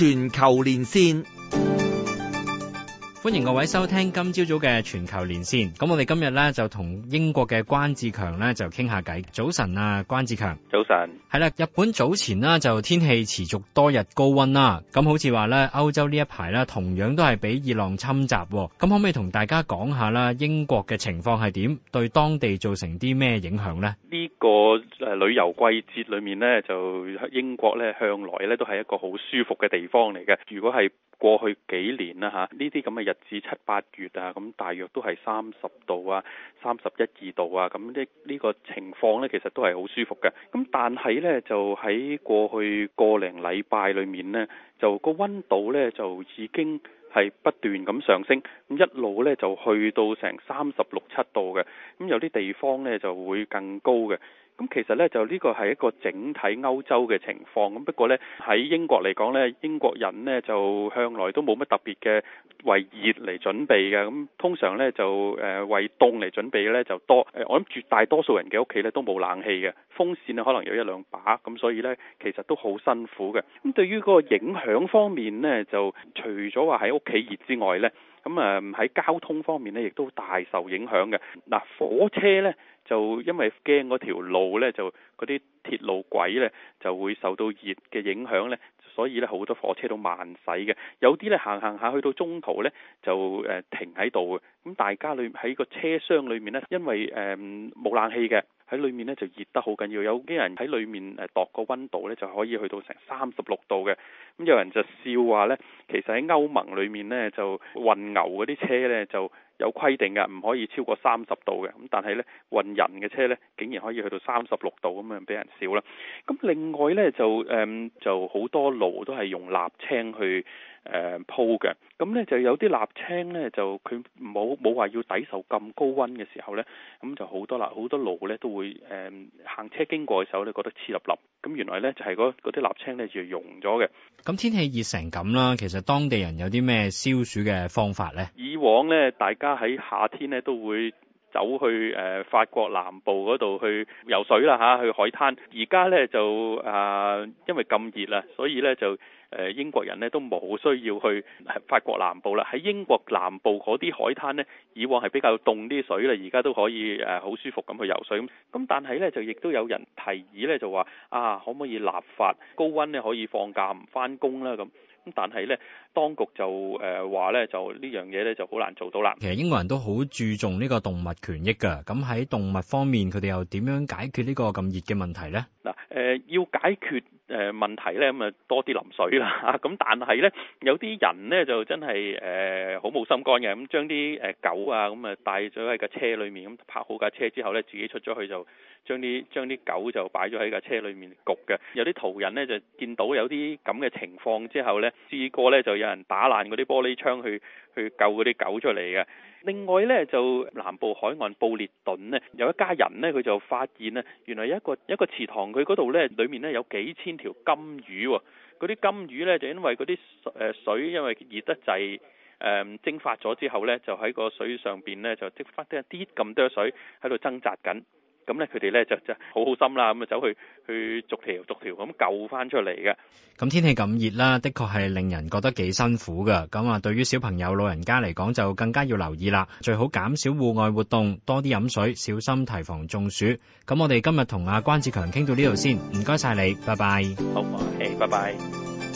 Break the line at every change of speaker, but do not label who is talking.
全球連線。歡迎各位收聽今朝早嘅全球連線。咁我哋今日咧就同英國嘅關志強咧就傾下偈。早晨啊，關志強，早晨。係啦，日本早前呢，就天氣持續多日高溫啦。咁好似話咧，歐洲呢一排啦，同樣都係俾熱浪侵襲喎。咁可唔可以同大家講下啦？英國嘅情況係點？對當地造成啲咩影響呢？
呢個誒旅遊季節裏面咧，就英國咧向來咧都係一個好舒服嘅地方嚟嘅。如果係過去幾年啦嚇，呢啲咁嘅日子七八月啊，咁大約都係三十度啊、三十一二度啊，咁呢呢個情況呢，其實都係好舒服嘅。咁但係呢，就喺過去個零禮拜裡面呢，就個溫度呢，就已經係不斷咁上升，咁一路呢，就去到成三十六七度嘅，咁有啲地方呢，就會更高嘅。咁其實呢就呢個係一個整體歐洲嘅情況。咁，不過呢，喺英國嚟講呢，英國人呢就向來都冇乜特別嘅為熱嚟準備嘅，咁，通常呢，就誒為凍嚟準備嘅呢，就多誒。我諗絕大多數人嘅屋企呢都冇冷氣嘅，風扇可能有一兩把，咁，所以呢，其實都好辛苦嘅。咁對於嗰個影響方面呢，就除咗話喺屋企熱之外呢。咁啊喺交通方面咧，亦都大受影響嘅。嗱、啊，火車咧就因為驚嗰條路咧，就嗰啲鐵路軌咧就會受到熱嘅影響咧，所以咧好多火車都慢駛嘅。有啲咧行行下去到中途咧就誒、呃、停喺度嘅。咁、啊、大家裏喺個車廂裏面咧，因為誒冇、呃、冷氣嘅。喺裡面呢就熱得好緊要，有啲人喺裡面度個温度呢就可以去到成三十六度嘅，咁有人就笑話呢，其實喺歐盟裡面呢，就運牛嗰啲車呢就有規定㗎，唔可以超過三十度嘅，咁但係呢，運人嘅車呢竟然可以去到三十六度咁樣俾人笑啦，咁另外呢，就誒、嗯、就好多路都係用蠟青去誒、嗯、鋪嘅，咁、嗯、呢，就有啲瀝青呢，就佢冇冇話要抵受咁高溫嘅時候呢，咁、嗯、就好多啦，好多路呢都會誒、嗯、行車經過嘅時候呢，覺得黐笠笠，咁、嗯、原來呢，就係嗰啲瀝青呢，就溶咗嘅。
咁、嗯、天氣熱成咁啦，其實當地人有啲咩消暑嘅方法呢？
以往呢，大家喺夏天呢都會。走去誒法國南部嗰度去游水啦，嚇，去海灘。而家呢，就啊，因為咁熱啊，所以呢，就誒、啊、英國人呢都冇需要去法國南部啦。喺英國南部嗰啲海灘呢，以往係比較凍啲水啦，而家都可以誒好舒服咁去游水。咁但係呢，就亦都有人提議呢，就話啊，可唔可以立法高溫呢可以放假唔翻工啦咁？咁但係咧，當局就誒話咧，就呢樣嘢咧就好難做到啦。其
實英國人都好注重呢個動物權益㗎，咁喺動物方面，佢哋又點樣解決呢個咁熱嘅問題咧？嗱、
呃，誒要解決。誒、呃、問題咧，咁啊多啲淋水啦嚇，咁、啊、但係咧有啲人咧就真係誒好冇心肝嘅，咁將啲誒狗啊咁啊帶咗喺架車裏面，咁泊好架車之後咧，自己出咗去就將啲將啲狗就擺咗喺架車裏面焗嘅。有啲途人咧就見到有啲咁嘅情況之後咧，試過咧就有人打爛嗰啲玻璃窗去去救嗰啲狗出嚟嘅。另外咧就南部海岸布列頓呢有一家人呢，佢就發現呢，原來一個一個池塘佢嗰度呢裡面呢，有幾千條金魚喎，嗰、哦、啲金魚呢，就因為嗰啲誒水因為熱得滯蒸發咗之後呢，就喺個水上邊呢，就積翻一啲咁多水喺度掙扎緊。咁咧，佢哋咧就就好好心啦，咁啊走去去逐條逐條咁救翻出嚟㗎。
咁天氣咁熱啦，的確係令人覺得幾辛苦㗎。咁啊，對於小朋友、老人家嚟講，就更加要留意啦。最好減少戶外活動，多啲飲水，小心提防中暑。咁我哋今日同阿關志強傾到呢度先，唔該晒你，拜拜。好，唔該，拜拜。